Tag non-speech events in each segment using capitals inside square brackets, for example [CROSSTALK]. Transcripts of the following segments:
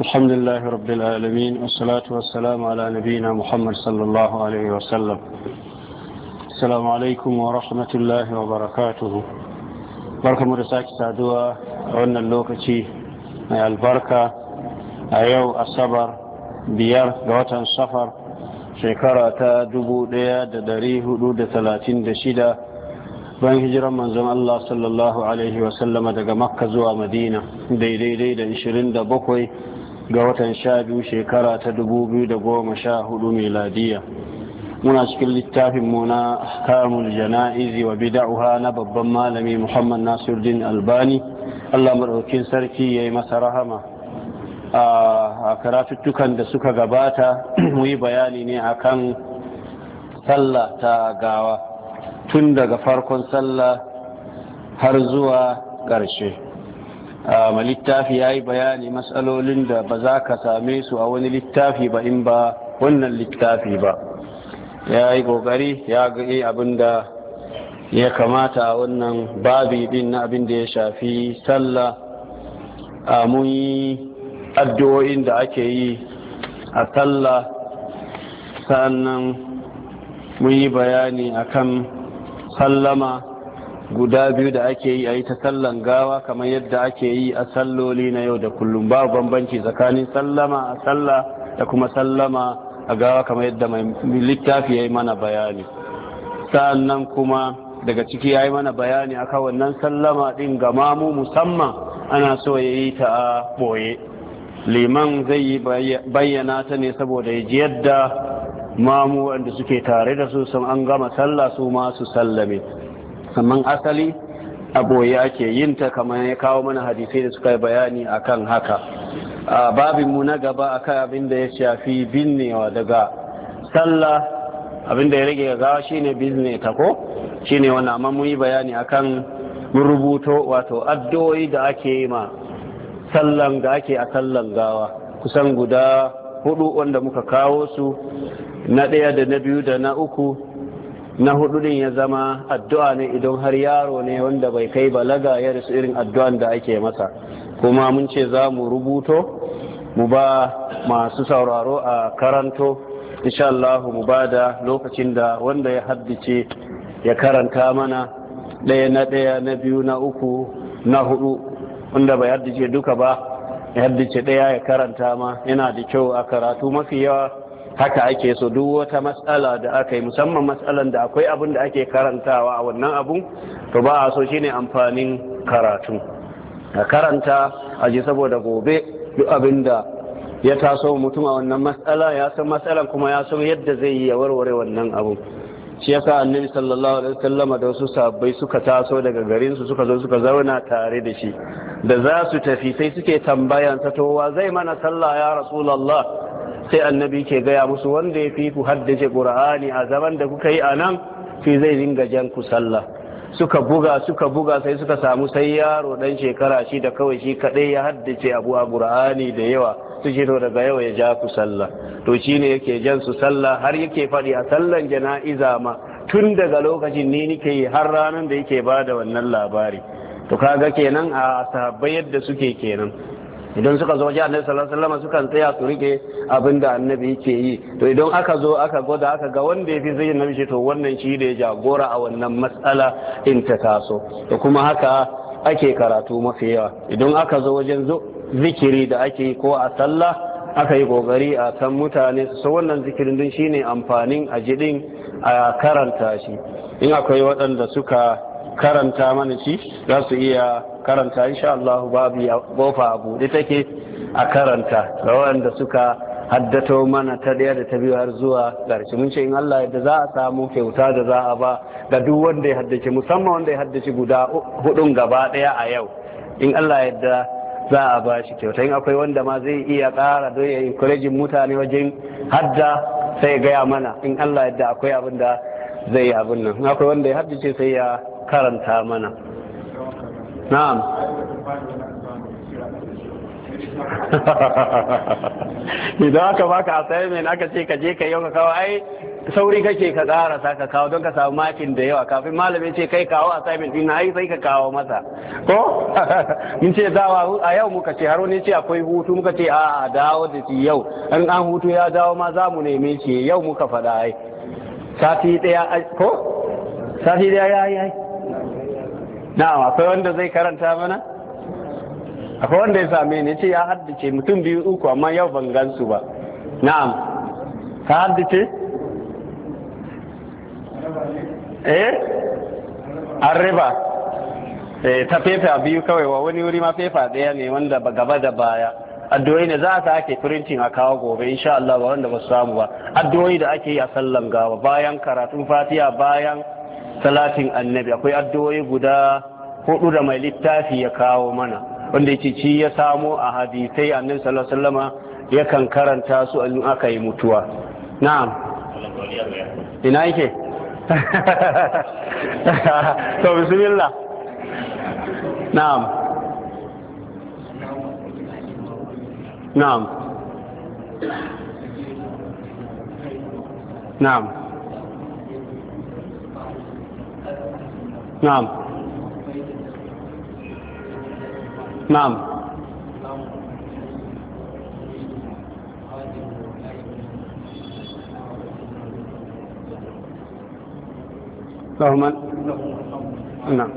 الحمد لله رب العالمين والصلاة والسلام على نبينا محمد صلى الله عليه وسلم السلام عليكم ورحمة الله وبركاته بركة مرساك سادوا عنا اللوكتي البركة أيو الصبر بيار قوة الصفر شكرة دبو ديا دريه دود ثلاثين دشيدة bayan hijiran manzon Allah sallallahu alaihi daga makka zuwa madina daidai da 27 ga watan biyu shekara ta 2014 miladiya muna cikin littafin mu na kamun jana'izi wa bida'uha na babban malami muhammad nasiruddin albani allah maɗaukin sarki ya yi masa rahama a karatuttukan da suka gabata [CLEARS THROAT] mu yi bayani ne akan sallah ta gawa tun daga farkon sallah har zuwa ƙarshe a littafi ya yi bayani matsalolin da ba za ka same su a wani littafi ba in ba wannan littafi ba ya yi ƙoƙari ya gani eh, abin da ya kamata a wannan babi din na abin da ya shafi sallah a mun yi addu'o'in da ake yi a sallah sannan mun yi bayani akan sallama guda biyu da ake yi a yi ta sallan gawa kamar yadda ake yi a salloli na yau da kullum babu bambanci tsakanin sallama a salla. da kuma sallama a gawa kamar yadda mai littafi ya yi mana bayani sa'annan kuma daga ciki ya yi mana bayani aka wannan sallama ɗin ga mamu musamman ana so ya yi ta a ɓoye liman zai yi bayyana ta ne saboda ya ji yadda mamu wanda suke tare da su sun an gama sallah su ma su sallame amma asali a boye ake yin ta kamar ya kawo mana hadisai da suka yi bayani akan haka a babinmu na gaba akan abin da ya shafi binnewa daga sallah abin da ya rage gawa shine bizne ta ko shine wannan amma mun yi bayani akan rubuto wato addu'o'i da ake yi ma sallan da ake a sallan gawa kusan guda hudu wanda muka kawo su na ɗaya da na biyu da na uku na hudu din ya zama addu'a ne idan har yaro ne wanda bai kai balaga ya rasu irin addu'an da ake masa kuma mun ce za mu rubuto mu ba masu sauraro a karanto insha Allah mu bada lokacin da wanda ya haddace ya karanta mana ɗaya na ɗaya na biyu na uku na hudu wanda bai haddace duka ba haddace ɗaya ya karanta ma yana da kyau a karatu mafi yawa haka ake so duk wata matsala da aka yi musamman matsalan da akwai abin da ake karantawa a wannan abun to ba a so ne amfanin karatu a karanta a ji saboda gobe duk abin da ya taso mutum a wannan matsala ya san matsalan kuma ya san yadda zai yi ya warware wannan abun shi yasa annabi sallallahu alaihi wasallam da wasu sabbai suka taso daga garin su suka zo suka zauna tare da shi da za su tafi sai suke tambayan ta to wa zai mana sallah ya rasulullah sai annabi ke gaya musu wanda ya fi ku haddace qur'ani a zaman da kuka yi anan shi zai dinga jan ku sallah suka buga suka buga sai suka samu sai yaro dan shekara shi da kawai shi kadai ya haddace abu a qur'ani da yawa tujiro daga yau ya ja ku sallah to shi ne yake jan su sallah har yake faɗi a sallan jana'iza ma tun daga lokacin ne nike yi har ranar da yake ba da wannan labari to kaga kenan a sahabbai yadda suke kenan idan suka zo wajen annabi sallallahu alaihi wasallam sukan tsaya su rike abinda annabi yake yi to idan aka zo aka gwada aka ga wanda yafi zai annabi shi to wannan shi da ya jagora a wannan matsala in ta taso to kuma haka ake karatu mafi yawa idan aka zo wajen zo zikiri da ake yi ko a sallah aka yi gogari a kan mutane su wannan zikirin din shine amfanin a ajidin a karanta shi in akwai waɗanda suka karanta mana shi za su iya karanta insha Allah babu ƙofa a buɗe take a karanta ga waɗanda suka haddato mana ta ɗaya da ta biyu har zuwa ƙarshe mun ce in Allah yadda za a samu kyauta da za a ba ga duk wanda ya haddace musamman wanda ya haddace guda hudun gaba ɗaya a yau in Allah yadda za a ba shi kyauta in akwai wanda ma zai iya ƙara don ya kurejin mutane wajen hadda sai gaya mana in Allah yadda akwai abin da zai yi abin nan akwai wanda ya haddace sai ya karanta mana na'am [LAUGHS] idan aka baka assignment aka ce ka je ka yau ka kawo ai sauri kake ka sa ka kawo don ka samu makin da yawa kafin malami ce kai kawo assignment din ai sai ka kawo masa ko [LAUGHS] mun ce dawa a yau muka ce haro ne ce akwai hutu muka ce a a dawo da shi yau an an hutu ya dawo ma za mu neme shi yau muka faɗa ai sati daya ko sati daya ya yi ai na'am akwai wanda zai karanta mana akwai wanda ya same ni ce ya haddace mutum biyu uku amma yau ban gansu ba na'am ka haddace eh an riba eh ta fefa biyu kawai wa wani wuri ma fefa daya ne wanda ba gaba da baya addu'o'i ne za ta ake printing a kawo gobe insha Allah ba wanda ba su samu ba addu'o'i da ake yi a sallan gawa bayan karatun fatiha bayan salatin annabi akwai addu'o'i guda hudu da mai littafi ya kawo mana wanda yake ci ya samo a hadisai annabi sallallahu alaihi wasallama yakan karanta su in aka yi mutuwa na'am ina yake [LAUGHS] to bismillah na'am na'am na'am na'am na'am لهما نعم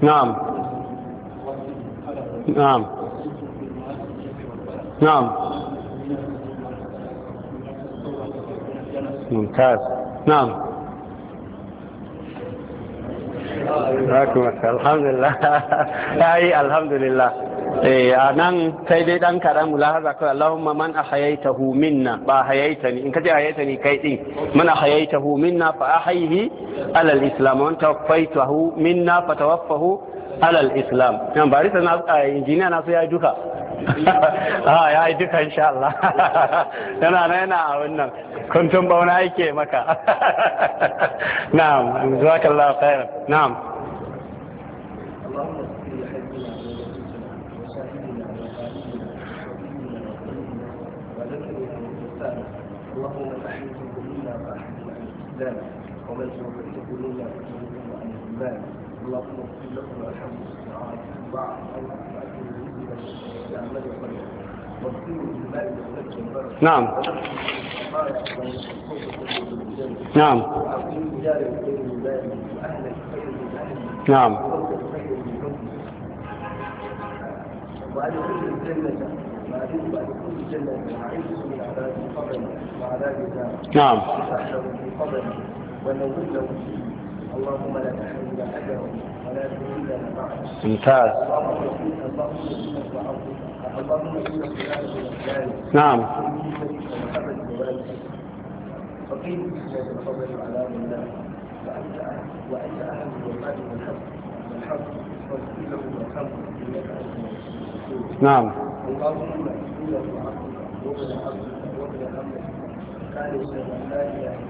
نعم نعم نعم ممتاز نعم الحمد لله [LAUGHS] أي الحمد لله Eh, a nan sai dai dan kaɗan mulahaza kawai Allahumma man hu minna ba hayaita ni in ka ce ni kai din man hu minna fa a haihi alal islam wa hu minna fa tawaffahu ala alal islam yan ba risa na injiniya na so ya duka a [LAUGHS] ah, ya yi duka insha Allah [LAUGHS] yana na yana a wannan kuntun bauna yake maka [LAUGHS] na'am jazakallahu khairan na'am الإسلام ومن الله عن الإيمان اللهم اغفر لكم والحمد بعض نعم نعم نعم وأن كل الجنة ما يجب أن كل الجنة عز من عذاب قبل نعم قبره ونولوا فيه اللهم لا تحمل اجره ولا تحملنا بعده ممتاز اللهم نعم فقيل بسم الفضل على الله وانت وانت اهل والقادر والحق والحق واغفر له انك نعم اللهم انك عبدك وابن عبدك وابن عبدك كان يسمى لا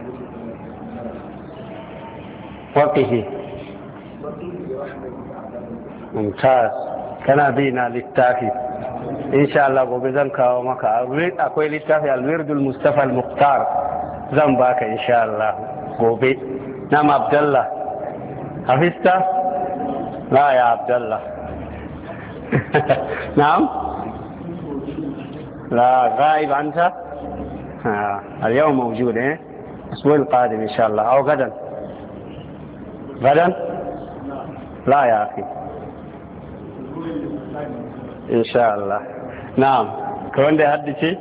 وقه ممتاز kana bi na littafi insha gobe zan kawo maka akwai littafi alwirdul mustafa al zan baka insha Allah gobe nam abdallah hafista la ya abdallah [LAUGHS] na'am la ghaib anta ha al-yawm mawjud القادم ان شاء الله او غدا غدا لا يا أخي إن شاء الله نعم كون دي حد شيء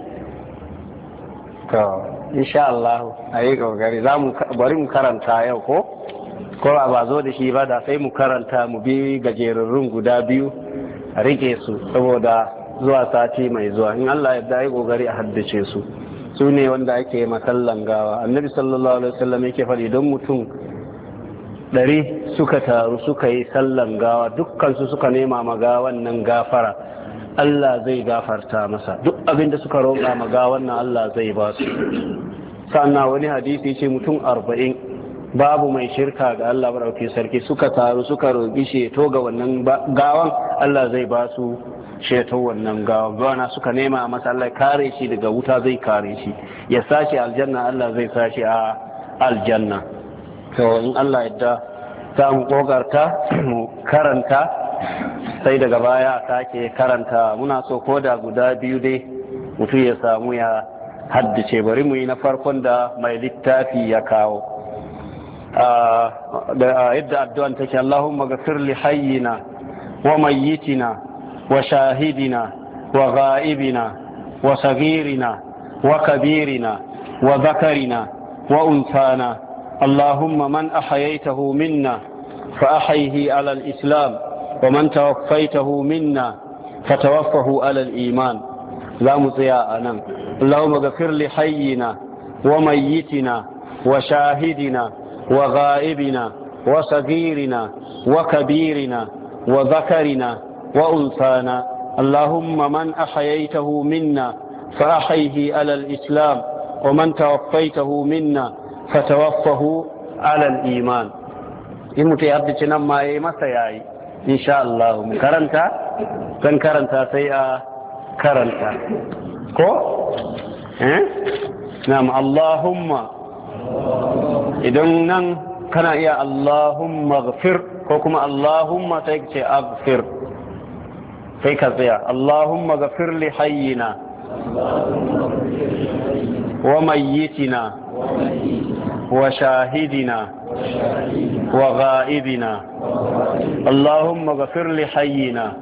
إن شاء الله أيك وغري bari mu karanta yau ko ko ba zo da shi ba da sai mu karanta mu bi gajerarrun guda biyu a riƙe su saboda zuwa sati mai zuwa in Allah ya dai kokari a haddace su su ne wanda ake masallan gawa annabi sallallahu alaihi wasallam yake faɗi don mutum ɗari suka taru suka yi sallan gawa dukkansu suka nema ma gawan nan gafara Allah zai gafarta masa duk abinda suka roƙa ma gawan nan Allah zai ba su sannan wani hadisi ce mutum arba'in babu mai shirka ga Allah marauki sarki suka taru suka roƙi sheto ga wannan gawan Allah zai ba su sheto wannan gawan gawana suka nema masa Allah kare shi daga wuta zai kare shi ya sashi aljanna Allah zai sashi a aljanna to in Allah yadda za mu kokarta mu karanta sai daga baya ke karanta muna so ko da guda biyu dai mutu ya samu ya haddace bari mu yi na farkon da mai littafi ya kawo A yadda addu'an take Allahumma magafir li hayyina wa mayyitina wa shahidina wa ghaibina wa sagirina wa kabirina wa zakarina wa unsana اللهم من أحييته منا فأحيه على الإسلام ومن توفيته منا فتوفه على الإيمان لا مطياءنا نعم. اللهم اغفر لحينا وميتنا وشاهدنا وغائبنا وصغيرنا وكبيرنا وذكرنا وأنثانا اللهم من أحييته منا فأحيه على الإسلام ومن توفيته منا fatawaffahu alal iman in mutu ya haddace nan ma yayi masa yayi insha Allah mu karanta kan karanta sai a karanta ko eh nam Allahumma idan nan kana iya Allahumma ghfir ko kuma Allahumma sai aghfir sai ka tsaya Allahumma ghfir li hayyina wa mayyitina وشاهدنا وغائبنا اللهم اغفر لحينا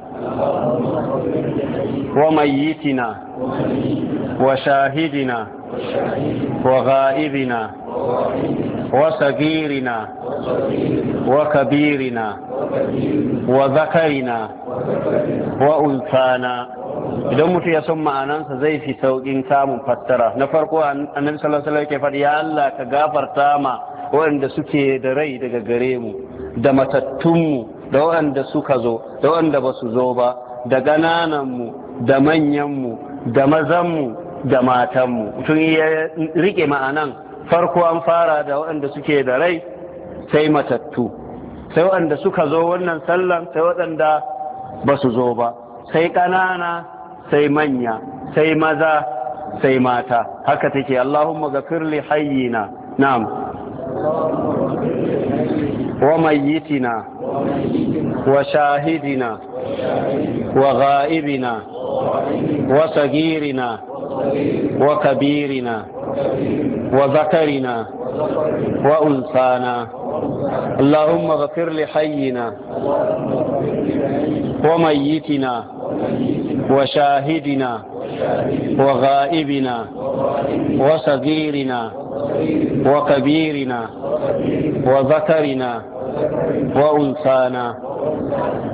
وميتنا وشاهدنا وغائبنا وصغيرنا وكبيرنا وذكرنا وأنثانا idan mutum ya san ma'anansa zai fi sauƙin samun fassara na farko annabi sallallahu alaihi wasallam ke ya Allah ka gafarta ma waɗanda suke da rai daga gare mu da matattunmu da waɗanda suka zo da waɗanda ba su zo ba da ganananmu da manyanmu da mazanmu da matanmu tun ya riƙe ma'anan farko an fara da waɗanda suke da rai sai matattu sai waɗanda suka zo wannan sallan sai waɗanda ba su zo ba sai ƙanana sai manya sai maza sai mata haka take allahumma gafirli hayyina na'am وميتنا وشاهدنا وغائبنا وصغيرنا وكبيرنا وذكرنا وأنثانا اللهم اغفر لحينا وميتنا وشاهدنا وغائبنا وصغيرنا وكبيرنا وذكرنا وأنثانا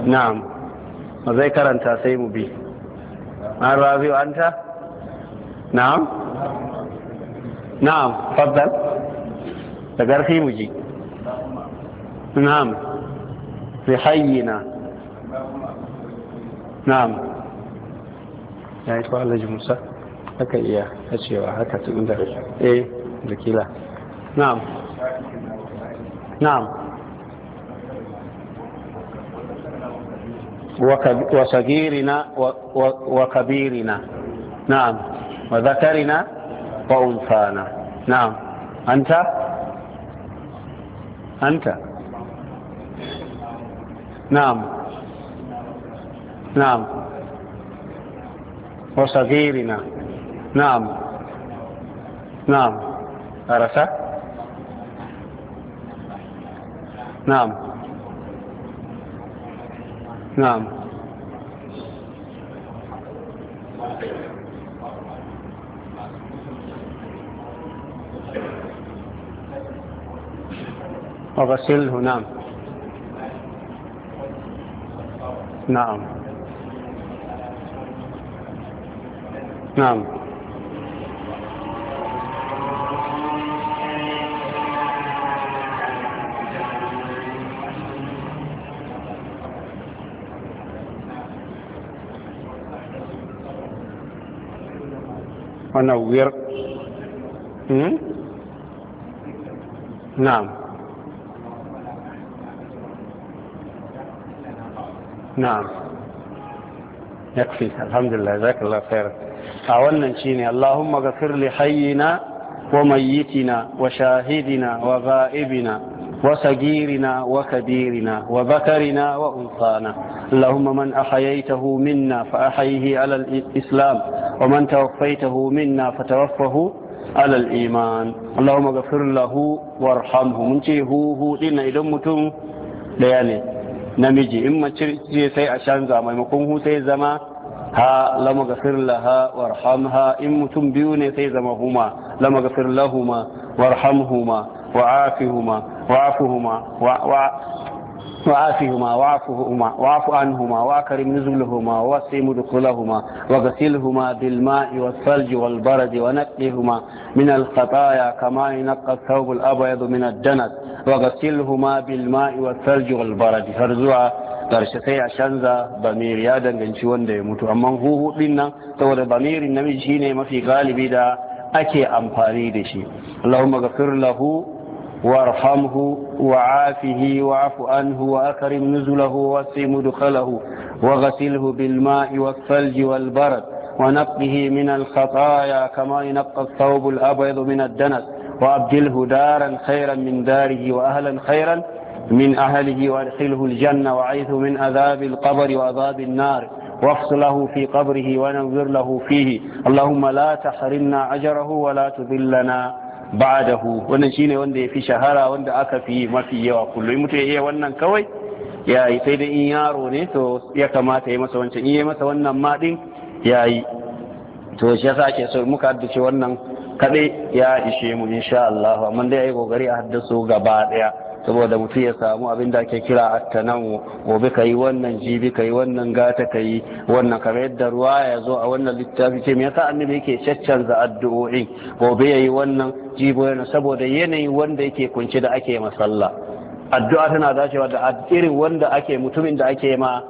نعم وذكر أنت سيم بي نعم راضي أنت نعم نعم تفضل تقرخي مجي نعم بحينا نعم ya yi ko alhaji musa haka iya a cewa haka tun da eh da kila na'am na'am وصغيرنا وكبيرنا نعم وذكرنا وأنثانا Na'am. Anta? Anta? Na'am. Na'am. وصغيرنا نعم نعم عرفت نعم نعم وغسله نعم نعم نعم ونور نعم نعم يكفي الحمد لله جزاك الله خيرك a wannan ci ne allahumma gafir li hayyina wa mayyitina wa shahidina wa ga'ibina wa sagirina wa kabirina wa bakarina wa unsana allahumma man ahayaitahu minna fa a ahayhi alal islam wa man ta tawaffaitahu minna fa ta tawaffahu alal iman allahumma hu lahu warhamhu mun ce hu hu din idan mutum daya ne namiji in mace sai a canza maimakon hu sai zama ها لما غفر لها وارحمها إن mutum biyu ne sai zama huma lama gafir lahuma warhamhuma wa'afihuma وعافهما وعفهما وعف عنهما وأكرم نزلهما ووسم دخولهما وغسلهما بالماء والثلج والبرد ونقلهما من الخطايا كما ينقى الثوب الأبيض من الدنس وغسلهما بالماء والثلج والبرد فرزوع karshe sai a canza bamir ya danganci wanda ya mutu amma huhu din nan saboda bamirin namiji shine mafi galibi da ake amfani da shi Allahumma ghafir lahu warhamhu wa'afihi wa'fu anhu wa akrim nuzulahu wa sim mudkhalahu wa ghasilhu bil ma'i wal thalji wal barad ونقه من الخطايا كما ينقى الثوب الأبيض من الدنس وأبدله دارا خيرا من داره وأهلا خيرا من أهله وادخله الجنة وعيث من عذاب القبر وعذاب النار واغسله في قبره وننظر له فيه اللهم لا تحرمنا أجره ولا تذلنا ba'adahu wannan shine wanda ya fi shahara wanda aka fi mafi yawa kullum mutum ya iya wannan kawai ya yi sai dai in yaro ne to ya kamata ya masa wancan in ya masa wannan ma din ya yi to shi yasa ake so muka haddace wannan kaɗai ya ishe mu insha Allah amma dai yayi kokari a haddaso gaba daya. saboda mutum ya samu abin da ake kira attanawu gobe ka yi wannan jibi ka yi wannan gata ka yi wannan kamar yadda ruwa ya zo a wannan littafi ce me yasa annabi yake caccanza addu'o'i gobe ya yi wannan jibo yana saboda yanayin wanda yake kunce da ake masalla addu'a tana dacewa da irin wanda ake mutumin da ake ma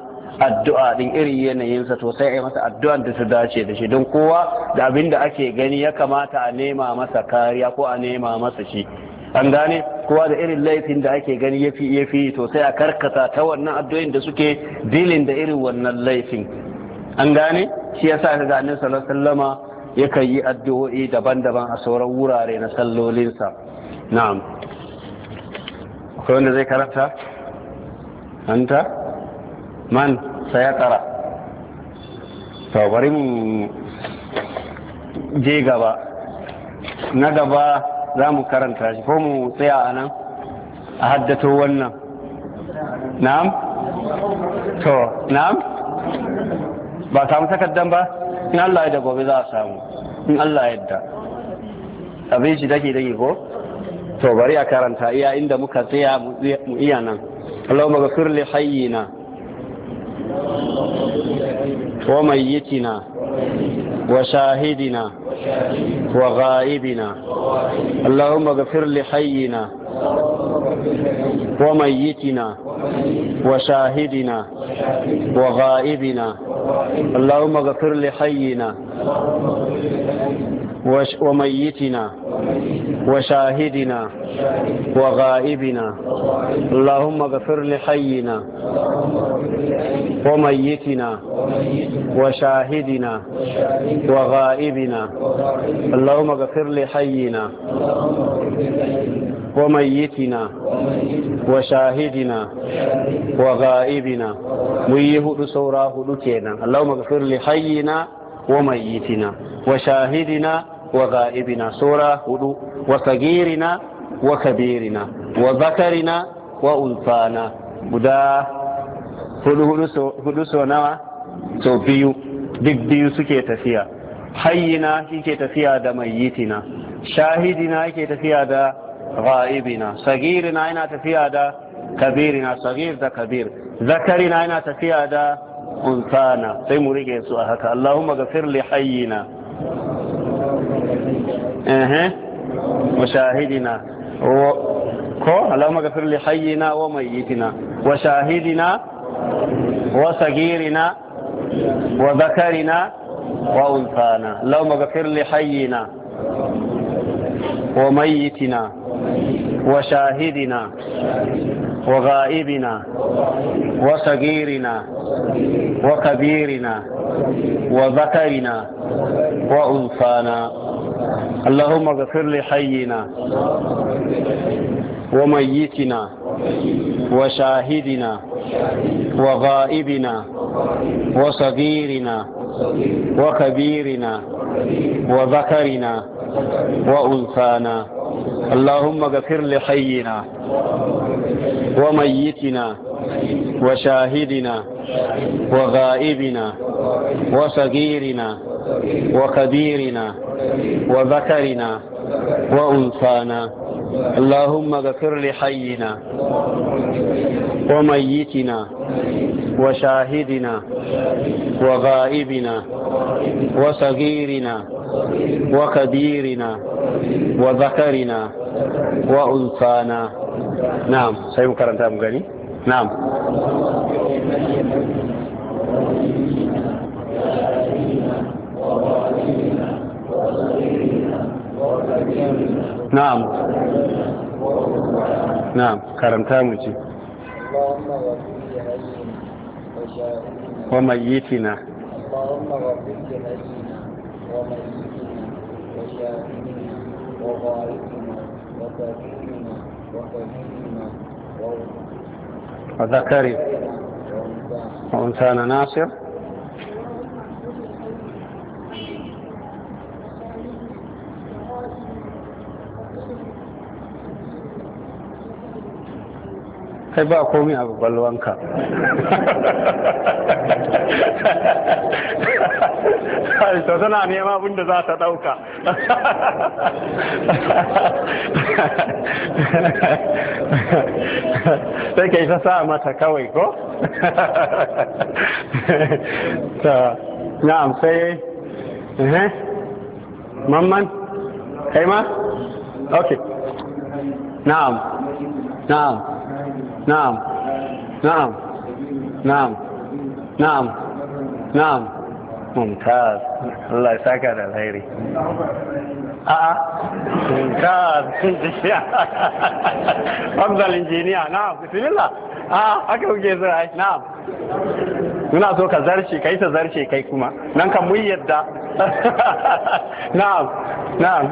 addu'a din irin yanayinsa to sai a yi masa addu'an da ta dace da shi don kowa da abin da ake gani ya kamata a nema masa kariya ko a nema masa shi an gane kowa da irin laifin da ake gani ya fi ya to sai a karkata ta wannan addu'in da suke dilin da irin wannan laifin an gane shi yasa ka ga annabi sallallahu alaihi yi addu'o'i daban-daban a sauran wurare na sallolinsa na'am akwai wanda zai karanta anta man sayatara to bari mu je gaba na gaba za mu karanta shi ko mu tsaya a nan a haddato wannan na'am to na'am ba samu takardan ba in Allah ya da gobe za a samu in Allah ya yadda abin shi dake dake ko to bari a karanta iya inda muka tsaya mu iya nan Allahumma ga li hayyina wa mayyitina وشاهدنا وغائبنا اللهم اغفر لحينا وميتنا وشاهدنا وغائبنا اللهم اغفر لحينا وميتنا وشاهدنا وغائبنا اللهم اغفر لحينا وميتنا وشاهدنا وغائبنا اللهم اغفر لحينا وميتنا وشاهدنا وغائبنا ويهد سوراه لكينا اللهم اغفر لحينا وميتنا وشاهدنا وغائبنا سورة هدو وصغيرنا وكبيرنا وذكرنا وأنثانا بدا هدو سونا سو بيو duk بيو سكي تفيا حينا shi تفيا دا ميتنا شاهدنا shahidina تفيا دا غائبنا صغيرنا اينا تفيا دا كبيرنا صغير دا كبير ذكرنا اينا تفيا دا أنثانا سيمو ريكي سؤالك اللهم غفر لحينا وشاهدنا ko alama ga firli hayyina wa mai yitina wa shahidina wa sagirina wa zakarina wa unfana ga firli hayyina wa mai yitina wa shahidina wa ga'ibina wa sagirina wa kabirina wa zakarina اللهم اغفر لحينا وميتنا وشاهدنا وغائبنا وصغيرنا وكبيرنا وذكرنا وأنثانا اللهم اغفر لحينا وميتنا وشاهدنا وغائبنا وصغيرنا وكبيرنا وذكرنا وأنثانا اللهم اغفر لحينا وميتنا وشاهدنا وغائبنا وصغيرنا وكبيرنا وذكرنا na wa unsa na na'am sai karanta mu gani na'am na'am na'am karanta mu ci wa mayyitina وَمَنْ يُؤْمِنْ وكبيرنا وأنثانا ناصر kai ba komi a kwakwalwanka to suna nema abinda za ta ɗauka sai ka yi ta sa mata kawai ko? ta na'am sai eh, mamman kai ma? ok na'am na'am na'am na'am na'am na'am na'am mumtaz Allah saka da alheri a'a mumtaz [LAUGHS] Hamzal injiniya na'am bismillah a'a haka kuke zira na'am muna so ka zarce kai ta zarce kai kuma nan kan mun yadda [LAUGHS] na'am na'am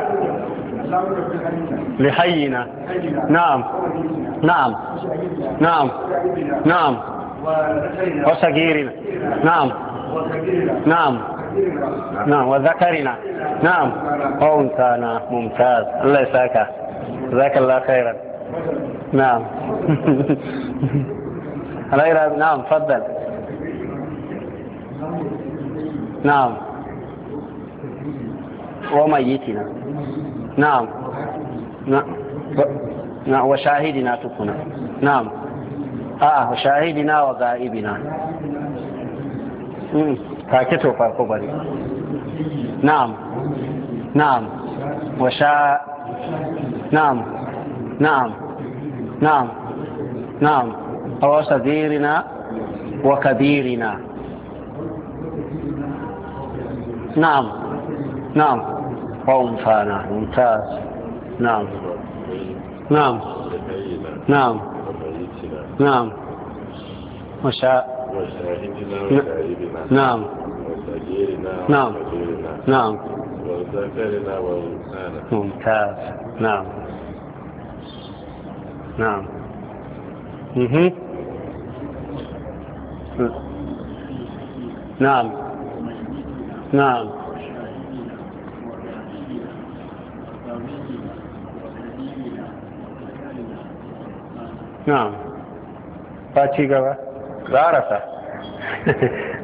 لحينا نعم نعم نعم نعم وصغيرنا نعم نعم نعم وذكرنا نعم وانثانا ممتاز الله يسعدك جزاك الله خيرا نعم غير [LAUGHS] نعم تفضل نعم وميتنا نعم نعم. نعم وشاهدنا تكون نعم آه وشاهدنا وغائبنا فاكته فارقو نعم نعم وشا نعم نعم نعم نعم صغيرنا وكبيرنا نعم نعم وأنفانا ممتاز نعم نعم نعم نعم وشا نعم نعم نعم وذكرنا وأنثانا ممتاز نعم نعم اها نعم نعم na'am ta ci gaba [LAUGHS]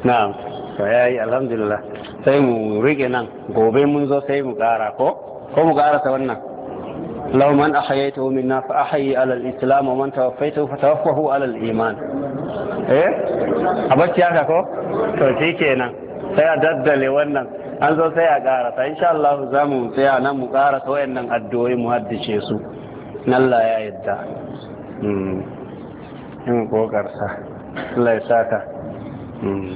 na'am to ya yi alhamdulillah sai mu rike nan gobe mun zo sai mu kara ko ko mu kara ta wannan law man ahyaytu minna fa ahyi ala al-islam wa man tawaffaytu fa tawaffahu ala iman eh abaci ko to shi kenan sai a daddale wannan an zo sai a kara ta insha Allah za mu tsaya nan mu kara ta wayannan addu'o'i mu haddace su nan Allah ya yadda yin hmm. hmm, kokarsa Allah hmm.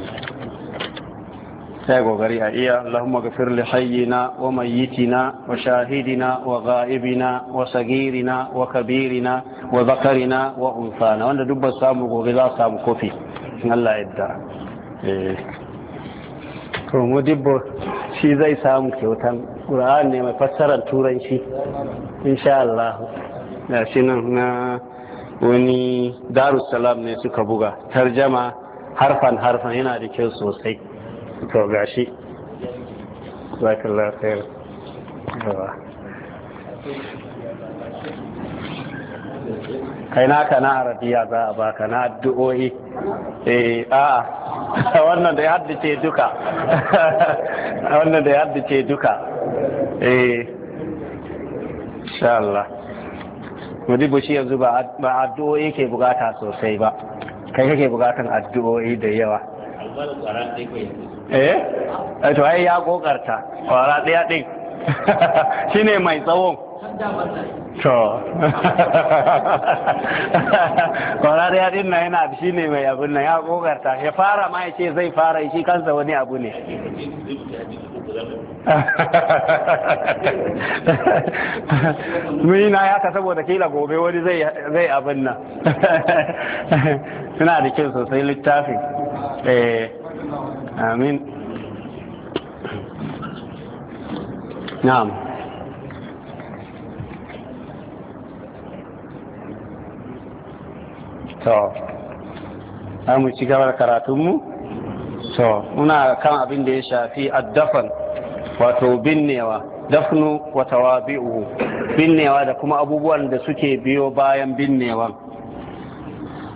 sai gogari a iya Allahumma gafir li hayyina wa mayyitina wa shahidina wa ghaibina wa sagirina wa kabirina wa zakarina wa unsana wanda duk ba samu gobe za samu kofi Allah yadda eh. to mudibbo shi zai samu kyautan Qur'an ne mai fassarar turanci insha Allah shi nan na wani darussalam ne suka buga tarjama harfan harfan yana da kyau sosai to gashi zakallah khair kai na na arabiya za a ba na addu'o'i eh a [LAUGHS] wannan da ya haddace duka [LAUGHS] wannan da ya haddace duka eh insha Allah mudibu shi yanzu ba addu'o'i ke bukata sosai ba kai kake bugatan addu'o'i da yawa eh? eh to ai ya kokarta kwara ɗaya ɗin. [LAUGHS] shine mai tsawon to [LAUGHS] kwarar ya dinna yana shi ne mai abin nan ya kogarta ya fara ma ya ce zai fara shi kansa wani abu ne [LAUGHS] na ya ka saboda kila gobe wani zai abin nan suna da kyau sosai littafin eh. amin نعم to mu ci gaba da karatunmu to muna kan abin da ya shafi addafan wato binnewa dafnu wa tawabi'uhu binnewa da kuma abubuwan da suke biyo bayan binnewa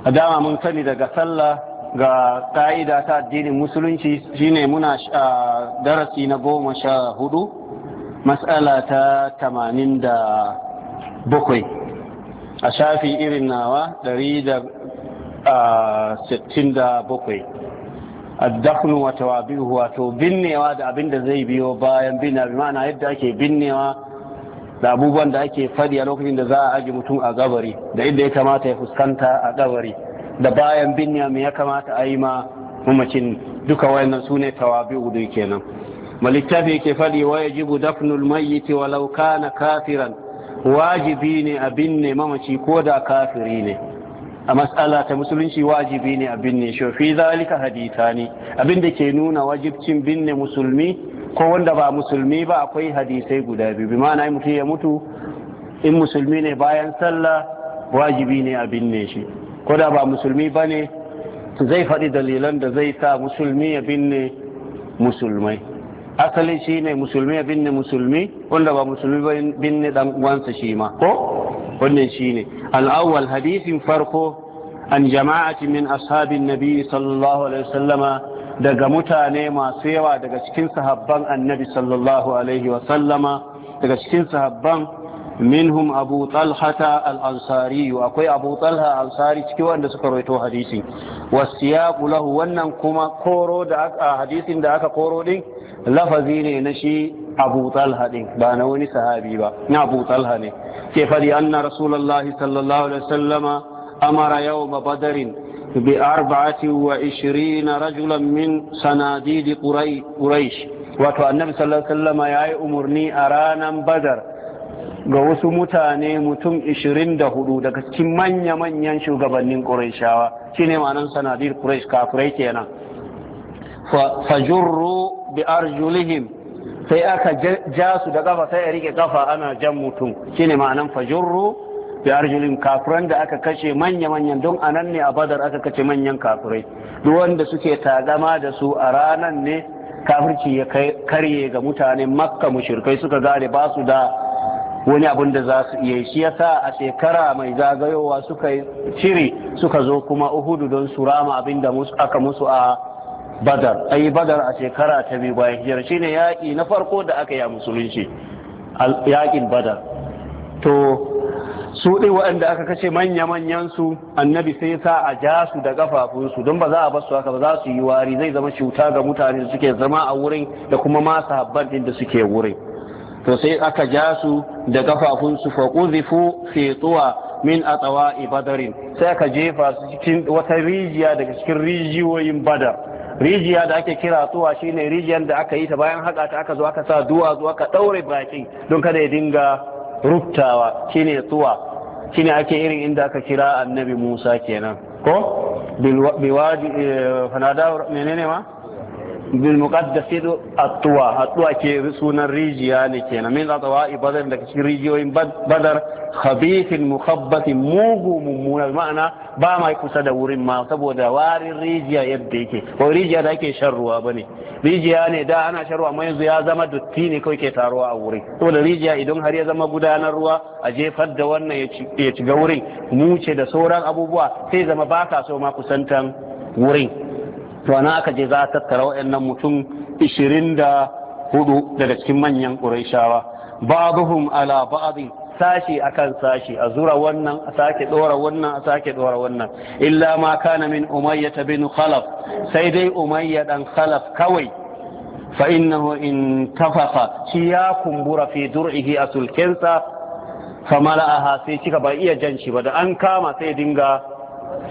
a dama mun sani daga sallah ga ka'ida ta addinin musulunci shine muna darasi na goma sha hudu matsala ta tamanin da a shafi irin nawa dari da sittin da bakwai wa wato binnewa da abin da zai biyo bayan bina bi ma'ana yadda ake binnewa da abubuwan da ake fadi a lokacin da za a aji mutum a gabari da inda ya kamata ya fuskanta a gabari da bayan binnewa me ya kamata a yi ma mamacin duka wayannan su ne tawabi'u dai kenan malittafi ke faɗi wa ya jibu dafnul mayyiti walau kana kafiran wajibi ne a binne mamaci ko da kafiri ne a matsala ta musulunci wajibi ne a binne shi fi zalika hadita ne abinda da ke nuna wajibcin binne musulmi ko wanda ba musulmi ba akwai hadisai guda biyu bi ma'ana mutum ya mutu in musulmi ne bayan sallah wajibi ne a binne shi ko da ba musulmi ba ne zai faɗi dalilan da zai sa musulmi ya binne musulmai asali shi ne musulmi ya binne musulmi wanda ba musulmi ba binne dan uwansa shi ma ko wannan shi ne al'awwal hadisin farko an jama'ati min ashabin nabi sallallahu alaihi wasallama daga mutane masu yawa daga cikin sahabban annabi sallallahu alaihi wasallama daga cikin sahabban minhum abu talhata al-ansari akwai abu talha al-ansari ciki wanda suka rawaito hadisi wasiyaqu lahu wannan kuma koro da hadisin da aka koro din lafazi ne na shi abu talha din ba na wani sahabi ba na abu talha ne ke fadi anna rasulullahi sallallahu alaihi wasallama amara yawma badarin بأربعة وعشرين رجلا من صناديد قريش وتو النبي صلى الله عليه وسلم يا أمرني أرانا بدر ga wasu mutane mutum 24 daga cikin manya-manyan shugabannin ƙuraishawa shine ma'anar sanadir ƙuraish kafirai kenan fajurru bi arjulihim sai aka ja su da kafa sai a rike kafa ana jan mutum shine ma'anan fajurru bi arjulihim kafiran da aka kashe manya-manyan don a nan ne a badar aka kashe manyan kafirai duk wanda suke tagama da su a ranan ne kafirci ya karye ga mutane makka mushirkai suka gare ba su da wani abun da za su iya shi yasa a shekara mai zagayowa suka cire suka zo kuma uhudu don su rama abin da aka musu a badar yi badar a shekara ta biyu bayan hijira ne yaƙi na farko da aka yi a musulunci yaƙin badar to su ɗin waɗanda aka kashe manya manyansu annabi sai sa a ja su da kafafunsu don ba za a basu haka ba za su yi wari zai zama cuta ga mutane da suke zama a wurin da kuma ma sahabban din da suke wurin to sai aka ja su da kafafunsu fa quzifu fi tuwa min ibadarin sai aka jefa su cikin wata rijiya daga cikin rijiyoyin badar rijiya da ake kira tuwa shine rijiyar da aka yi ta bayan haka ta aka zo aka sa zuwa aka daure bakin don kada ya dinga rubtawa shine tuwa shine ake irin inda aka kira annabi Musa kenan ko bilwaji eh, fanada menene ma bil muqaddas atwa atwa ke sunan rijiya ne kenan min atwa ibadar daga cikin rijiyoyin badar khabithin mukhabbatin mugu mummuna ma'ana ba mai kusa da wurin ma saboda warin rijiya yadda yake ko rijiya da ake shan ruwa bane rijiya ne da ana shan ruwa ma yanzu ya zama dotti ne kawai ke taruwa a wurin saboda rijiya idan har ya zama gudanar ruwa a jefar da wannan ya shiga wurin muce da sauran abubuwa sai zama baka so ma kusantan wurin to ana aka je za a tattara waɗannan mutum ishirin da daga cikin manyan ƙuraishawa ba'dhum ala ba'd sashi akan sashi a zura wannan a sake dora wannan a sake dora wannan illa ma kana min umayya bin khalaf sai dai umayya dan khalaf kawai fa innahu in tafafa shi ya kumbura fi dur'ihi a sulkensa fa mala'aha sai cika ba iya jan shi ba da an kama sai dinga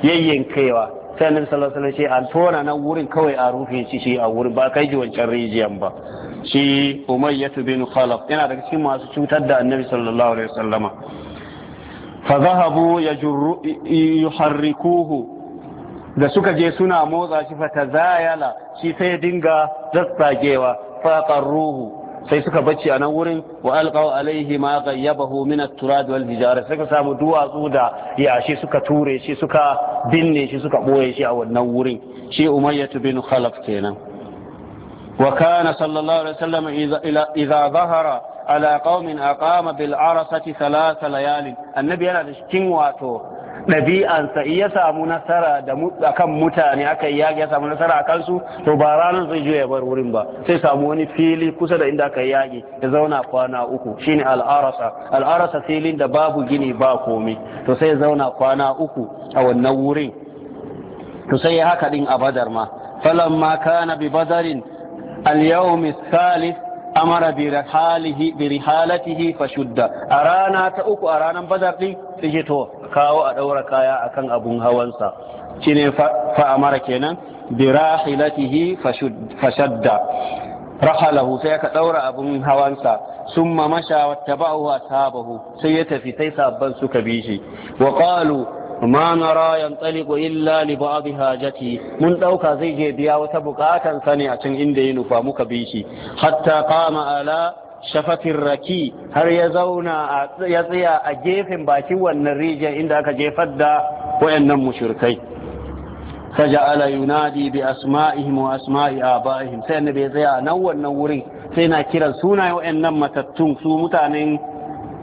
yayyankewa sai annabi sallallahu alaihi wasallam ce an tona nan wurin kawai a rufe shi shi a wurin ba kai ji wancan rijiyan ba shi umayyatu bin khalaf yana daga cikin masu cutar da annabi sallallahu alaihi wasallama fa zahabu yuharrikuhu da suka je suna motsa shi fa tazayala shi sai dinga zassagewa fa qarruhu sai suka bacci a nan wurin wa alqaw alaihi ma ghayyabahu min at-turad wal hijara suka samu duwatsu da yashi suka ture shi suka binne shi suka boye shi a wannan wurin shi umayyah bin khalaf kenan wa kana sallallahu alaihi wasallam idza zahara ala qaumin aqama bil arasati thalath layalin annabi yana da cikin wato ɗabi'ansa iya samu nasara da akan mutane aka yi yaƙi ya samu nasara a kansu to ba ranar zai juya bar wurin ba sai samu wani fili kusa da inda aka yi yaƙi ya zauna kwana uku shine al'arasa al'arasa filin da babu gini ba komai to sai ya zauna kwana uku a wannan wurin to sai ya haka din a badar ma falamma kana bi badarin al-yawm amara bi rihalihi bi rihalatihi fashudda a rana ta uku a ranar badar din sai ce to kawo a daura kaya akan abun hawansa shine fa amara kenan bi rahilatihi fashadda rahalahu sai ka daura abun hawansa summa masha wattaba'u ashabahu sai ya tafi sai sabban suka bi shi wa qalu ma nara yantaliqu illa li ba'dhi hajati mun dauka zai je biya wata bukatan sa ne a can inda ya nufa muka bi shi hatta qama ala shafatin raki har ya zauna ya tsaya a gefen bakin wannan rijiyar inda aka jefar da wayannan mushrikai faja'ala yunadi bi asma'ihim wa asma'i aba'ihim sai annabi ya tsaya nan wannan wurin sai na kiran sunayen wayannan matattun su mutanen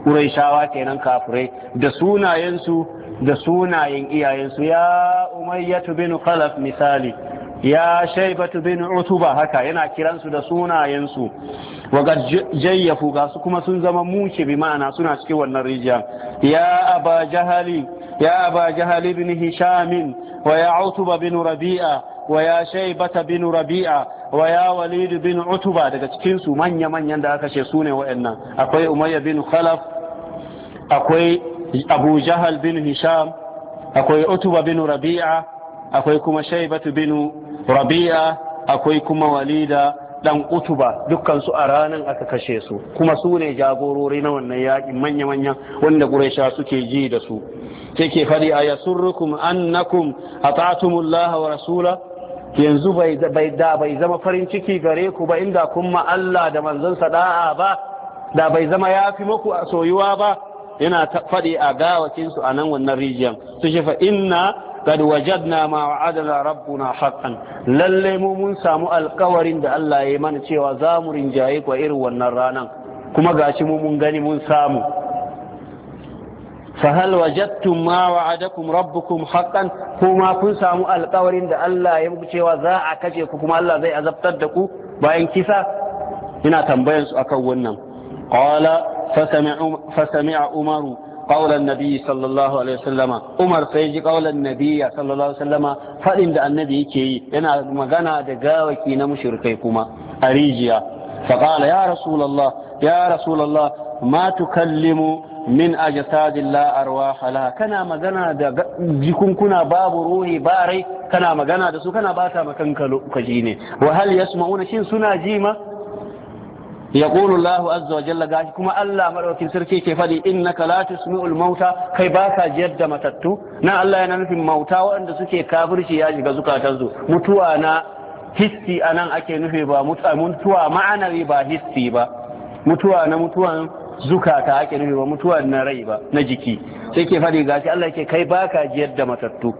Qurayshawa kenan kafirai da sunayensu da sunayen iyayensu ya umayyatu bin khalaf misali ya shaibatu bin utuba haka yana kiransu da sunayensu waga jayyafu ga su kuma sun zama muke bi ma'ana suna cikin wannan rijiya ya aba jahali ya aba jahali bin hishamin wa ya utuba bin rabi'a wa ya shaibata bin rabi'a wa ya walid bin utuba daga cikin su manya manyan da aka ce sune wa'annan akwai umayya bin khalaf akwai abu jahal bin hisham akwai utuba bin rabi'a akwai kuma shaibatu bin rabi'a akwai kuma walida dan utuba dukkan su a ranar aka kashe su kuma su ne jagorori na wannan yaƙin manya-manya wanda ƙuraisha suke ji da su sai ke faɗi a yasurrukum annakum ata'tumullah wa rasula yanzu bai da bai zama farin ciki gare ku ba inda kun Allah da manzon da'a ba da bai zama yafi muku a soyuwa ba yana faɗi a gawakinsu a nan wannan rijiyan su shi fa inna kad wajadna ma wa'adana rabbuna haqqan lalle mu mun samu alƙawarin da Allah ya yi mana cewa za mu rinjaye ku irin wannan ranan kuma gashi mu mun gani mun samu fa hal wajadtum ma wa'adakum rabbukum haqqan kuma kun samu alkawarin da Allah ya yi cewa za a kace ku kuma Allah zai azabtar da ku bayan kisa ina tambayan su akan wannan qala فسمع, فسمع عمر قول النبي صلى الله عليه وسلم عمر سيجي قول النبي صلى الله عليه وسلم فإن دا النبي كي ينا مغانا دا غاوكي نمشركيكما أريجيا فقال يا رسول الله يا رسول الله ما تكلم min ajsadin la arwaha laha kana magana da jikunkuna babu ruhi bare kana magana da su kana bata makan kaji ne wa hal yasma'una shin suna ji ma يقول الله عز وجل قال كما الله مدوكين سركي كيف دي انك لا تسمع الموتى كي باكا جد متتو نا الله yana nufin mauta waɗanda suke kafirci ya shiga zukatan su mutuwa na hissi anan ake nufi ba mutuwa ma'anawi ba hissi ba mutuwa na mutuwan zukata ake nufi ba mutuwa na rai ba na jiki sai ke faɗi gashi Allah yake kai baka jiyar da matattu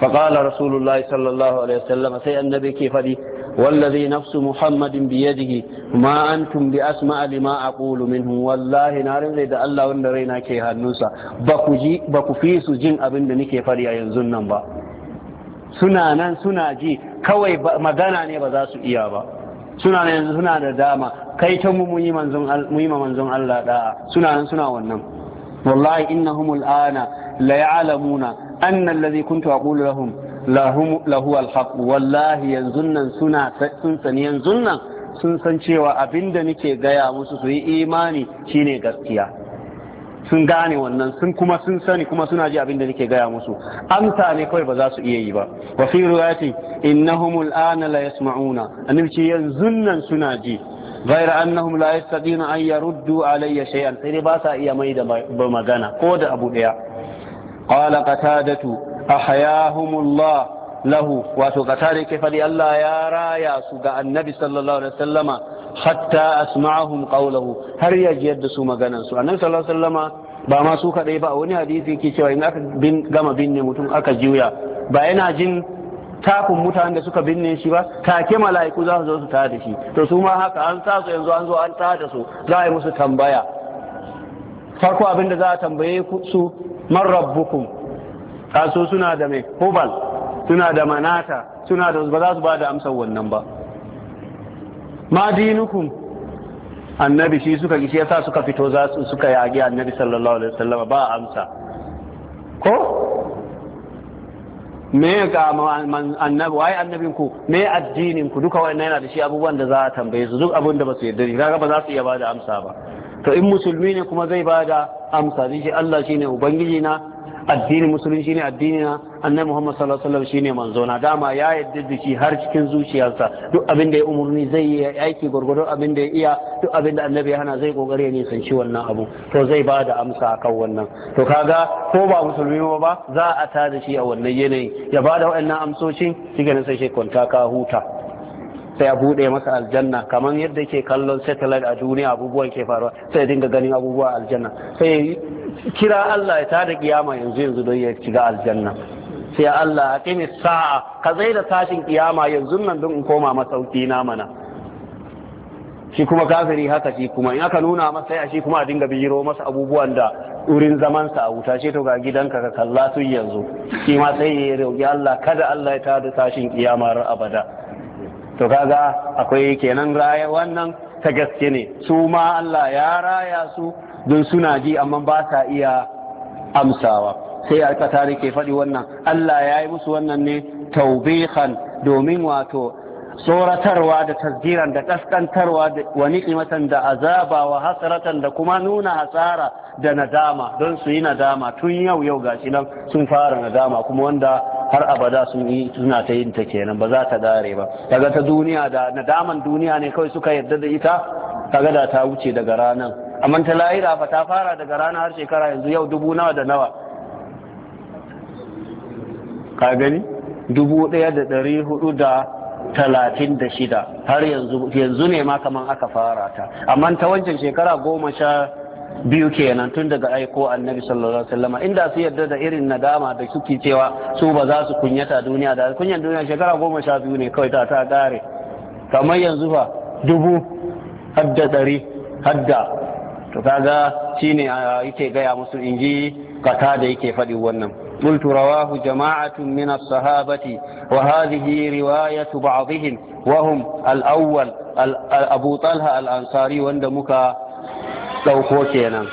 فقال رسول الله صلى الله عليه وسلم سي النبي كيف دي والذي نفس محمد بيده ما أنتم بأسمع لما أقول منه والله نارن زي da Allah wanda raina ke hannunsa ba ku fi su jin abin da nake fari a yanzu nan ba suna nan suna ji kawai magana ne ba za su iya ba suna nan yanzu suna da dama kai ta mu yi manzon manzon Allah da'a suna nan suna wannan wallahi innahum al'ana la ya'lamuna anna kuntu aqulu lahu alhaq wallahi yanzu nan suna sun sani yanzu nan sun san cewa abin da nake gaya musu su yi imani shine gaskiya sun gane wannan sun kuma sun sani kuma suna ji abin da nake gaya musu amsa ne kawai ba za su iya yi ba wa fi riwayati innahum al'ana la yasma'una annabi yanzu nan suna ji غير أنهم لا يستطيعون أن يردوا علي شيئا سيدي باسا إيا ميدا بمغانا قود أبو ديا قال قتادة ahyahumullah lahu wato tare ke faɗi Allah ya raya su ga annabi sallallahu alaihi wasallama hatta asma'ahum qawluhu har ya ji yadda su maganar su annabi sallallahu alaihi wasallama ba ma su kadai ba wani hadisi yake cewa in aka bin gama binne mutum aka juya ba yana jin takun mutanen da suka binne shi ba take mala'iku za su zo su ta da shi to su ma haka an sa su yanzu an zo an tada su za a yi musu tambaya farko abin da za a tambaye su man rabbukum kaso suna da mai hubal suna da manata suna da ba za su ba da amsar wannan ba ma dinukum annabi shi suka gishi yasa suka fito za su suka yagi annabi sallallahu alaihi wasallam ba amsa ko me ga annabi wai annabin ku me addinin ku duka wannan yana da shi abubuwan da za a tambaye su duk abin da ba su yarda shi kaga ba za su iya ba da amsa ba to in musulmi ne kuma zai ba da amsa zai Allah shine ubangiji na addini musulunci ne addini na annabi Muhammad sallallahu alaihi wasallam shine manzo na dama ya yadda da shi har cikin zuciyarsa duk abin da ya umarni zai yi aiki gurgurdo abin da ya iya duk abin da annabi ya hana zai kokari ya nisanci wannan abu to zai ba da amsa a akan wannan to kaga ko ba musulmi ba za a ta da shi a wannan yanayi ya ba da wa'annan amsocin shi ganin sai shi kwanta ka huta sai a buɗe masa aljanna kamar yadda ke kallon satellite a duniya abubuwan ke faruwa sai dinga ganin abubuwa aljanna sai kira Allah ya tada kiyama yanzu yanzu don ya shiga aljanna sai Allah aqimi sa'a ka zai da tashin kiyama yanzu nan don in koma masauki na mana shi kuma kafiri haka shi kuma in aka nuna masa ya shi kuma a dinga biro masa abubuwan da wurin zaman sa a wuta shi to ga gidanka ka kalla tun yanzu shi ma sai ya roki Allah kada Allah ya tada tashin kiyama har abada to kaga akwai kenan raya wannan ta gaske ne su ma Allah ya raya su don suna ji amma ba sa iya amsawa sai alkata da ke faɗi wannan Allah ya yi musu wannan ne taubekan domin wato tsoratarwa da tasgiran da ƙasƙantarwa da wani ƙimatan da azaba wa hasaratan da kuma nuna hasara da nadama don su yi nadama tun yau yau gashi nan sun fara nadama kuma wanda har abada sun yi suna ta yin ta kenan ba za ta dare ba daga ta duniya da nadaman duniya ne kawai suka yarda da ita kaga da ta wuce daga ranar amma ta lahira fa ta fara daga rana har shekara yanzu yau dubu nawa da nawa ka gani dubu ɗaya da ɗari hudu da talatin da shida har yanzu yanzu ne ma kaman aka fara ta amma ta wancan shekara goma sha biyu kenan tun daga aiko annabi sallallahu alaihi wasallam inda su yarda da irin nadama da suke cewa su ba za su kunyata duniya da kunyan duniya shekara goma sha biyu ne kawai ta ta kare kamar yanzu fa dubu hadda ɗari hadda to kaga shine yake gaya musu inji kata da yake faɗi wannan قلت رواه جماعة من الصحابة وهذه رواية بعضهم وهم الأول أبو طلحة الأنصاري وندمك لو خوشينا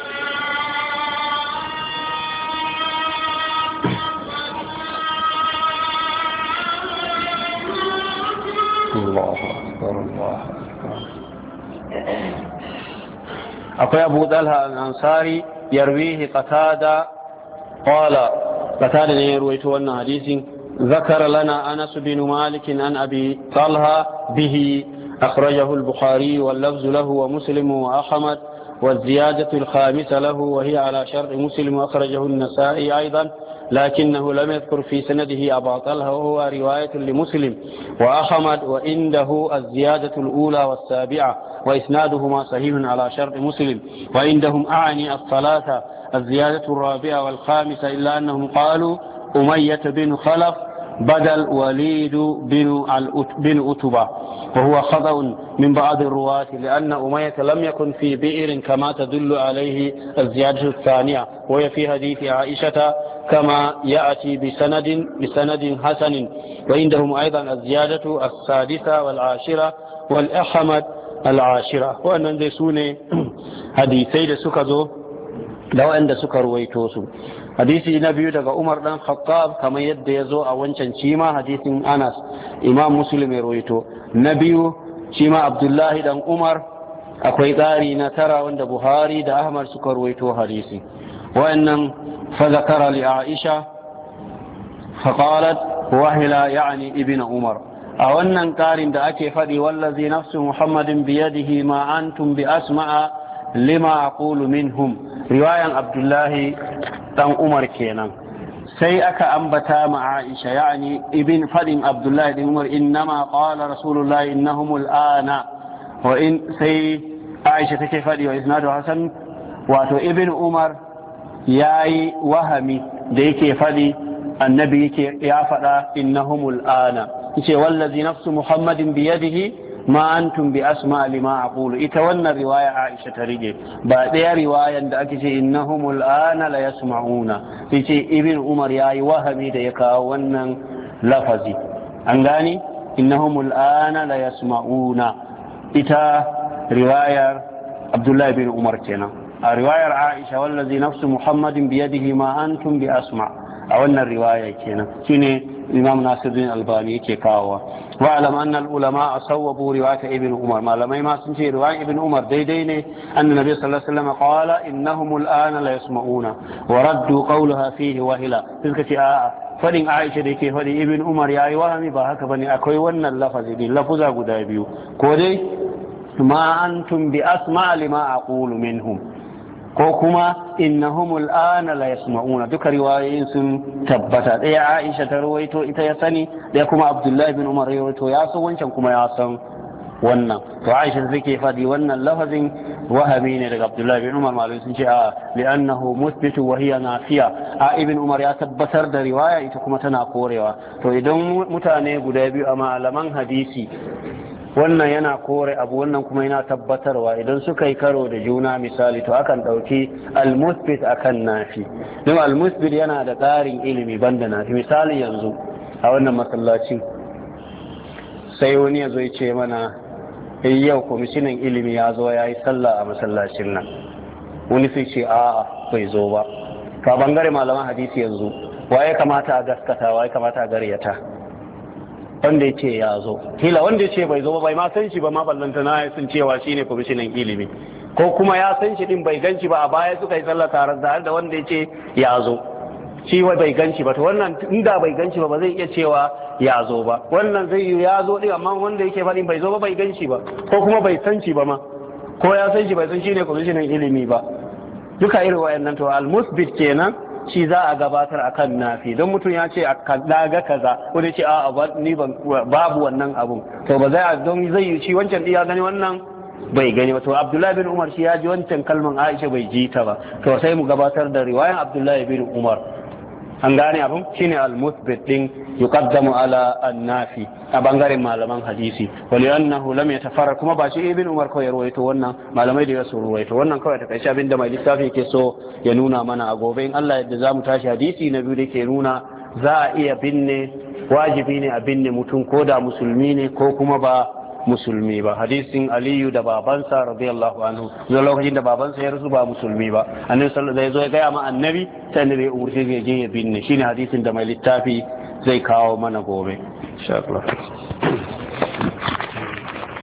أقول أبو دلها الأنصاري يرويه قتادة قال قتادة qatada أن حديث ذكر لنا أنس بن مالك عن أبي طلها به أخرجه البخاري واللفظ له ومسلم وأحمد والزيادة الخامسة له وهي على شرط مسلم وأخرجه النسائي أيضا لكنه لم يذكر في سنده أبا طلحة وهو رواية لمسلم وأحمد وعنده الزيادة الأولى والسابعة وإسنادهما صحيح على شرط مسلم وعندهم أعني الثلاثة الزيادة الرابعة والخامسة إلا أنهم قالوا أمية بن خلف بدا الوليد بن بن أتبة وهو خطأ من بعض الرواة لأن أمية لم يكن في بئر كما تدل عليه الزيادة الثانية وهي في حديث عائشة كما يأتي بسند بسند حسن وعندهم أيضا الزيادة السادسة والعاشرة والأحمد العاشرة وأن دي سوني حديثي دي سكزو لو أن دي سكر ويتوسو hadisi na biyu daga Umar dan Khattab kamar yadda ya zo a wancan cima hadisin Anas Imam Muslim ya rawaito na biyu cima Abdullahi dan Umar akwai tsari na tara wanda Buhari da Ahmad suka rawaito hadisi wa'annan fa zakara li Aisha fa qalat wahila yani ibnu Umar a wannan karin da ake faɗi wallazi nafsu Muhammadin biyadihi ma antum bi asma'a lima aqulu minhum riwayan abdullahi dan umar kenan sai aka ambata ma aisha yani ibn fadin abdullahi din umar innama qala rasulullahi innahum al'ana wa in sai aisha take fadi wa isnadu hasan wato ibn umar yayi wahami da yake fadi annabi yake ya fada innahum al'ana yace wallazi nafsu muhammadin biyadihi ma an tumbi asma lima kulu ita wannan riwaya Aisha ta rige ba ɗaya riwayan da ake ce innahumul ana la yasma'una sai ce ibn Umar yayi wahabi da ya kawo wannan lafazi an gane innahumul ana la yasma'una ita riwayar Abdullahi bin Umar kenan a riwayar Aisha wallazi nafsu Muhammadin biyadihi ma antum bi asma' a wannan riwaya kenan shine imam nasiruddin albani yake kawowa wa alam anna ulama asawabu riwayata ibn umar malamai ma sun ce riwaya ibn umar daidai ne anna nabi sallallahu alaihi wasallam qala innahum an la yasma'una wa raddu qawlaha fihi wahila suka ce a'a fadin aisha da yake fadin ibn umar yayi wahami ba haka bane akwai wannan lafazi din lafuza guda biyu ko dai ma antum bi a lima aqulu minhum ko kuma innahum al'ana la yasma'una duka riwayoyin sun tabbata ɗaya Aisha ta rawaito ita ya sani ɗaya kuma Abdullahi bin Umar ya rawaito ya san wancan kuma ya san wannan to Aisha take faɗi wannan lafazin wahami ne daga Abdullahi bin Umar malai sun ce a li'annahu muthbitu wa hiya nafiya a ibn Umar ya tabbatar da riwaya ita kuma tana korewa to idan mutane guda biyu a malaman hadisi wannan yana kore abu wannan kuma yana tabbatarwa idan suka yi karo da juna misali to akan ɗauki almusbit akan nafi don almusbit yana da tsarin ilimi banda nafi misali yanzu a wannan masallaci sai wani ya zo ya ce mana eh, yau kwamishinan ilimi ya zo ya yi sallah a masallacin nan wani sai ce a'a bai zo ba ka bangare malaman hadisi yanzu wa ya kamata a gaskata wa ya kamata a garyata wanda ya ce ya zo kila wanda ya ce bai zo bai ma san shi ba ma ballanta na sun cewa ne kwamishinan ilimi ko kuma ya san shi din bai ganci ba a baya suka yi sallah tare da da wanda ya ce ya zo shi wai bai ganci ba to wannan inda bai ganci ba ba zai iya cewa ya zo ba wannan zai yi ya zo din amma wanda yake faɗin bai zo ba bai ganci ba ko kuma bai san shi ba ma ko ya san shi bai san shi ne kwamishinan ilimi ba duka irin wayannan to al-musbit kenan shi za a gabatar akan nafi don mutum ya ce a kan ga kaza ko da ce a ni babu wannan abun to ba zai a don zai yi shi wancan ya gani wannan bai gani ba to Abdullahi bin Umar shi ya ji wancan kalman Aisha bai ji ta ba to sai mu gabatar da riwayan Abdullahi bin Umar an gane abin shine al-musbit din yuqaddamu ala an-nafi a bangaren malaman hadisi wal annahu lam yatafarra kuma ba shi ibn umar kawai ruwaito wannan malamai da yasu ruwaito wannan kawai ta kace abinda mai littafi ke so ya nuna mana a gobe in Allah yadda zamu tashi hadisi na biyu da ke nuna za a iya binne wajibi ne a binne mutum ko da musulmi ne ko kuma ba musulmi ba hadisin aliyu da babansa radiyallahu anhu zuwa lokacin da babansa ya rasu ba musulmi ba annabi sallallahu alaihi wasallam zai gaya ma annabi sai annabi ya umurce ya je ya binne shine hadisin da mai littafi zai kawo mana gobe insha Allah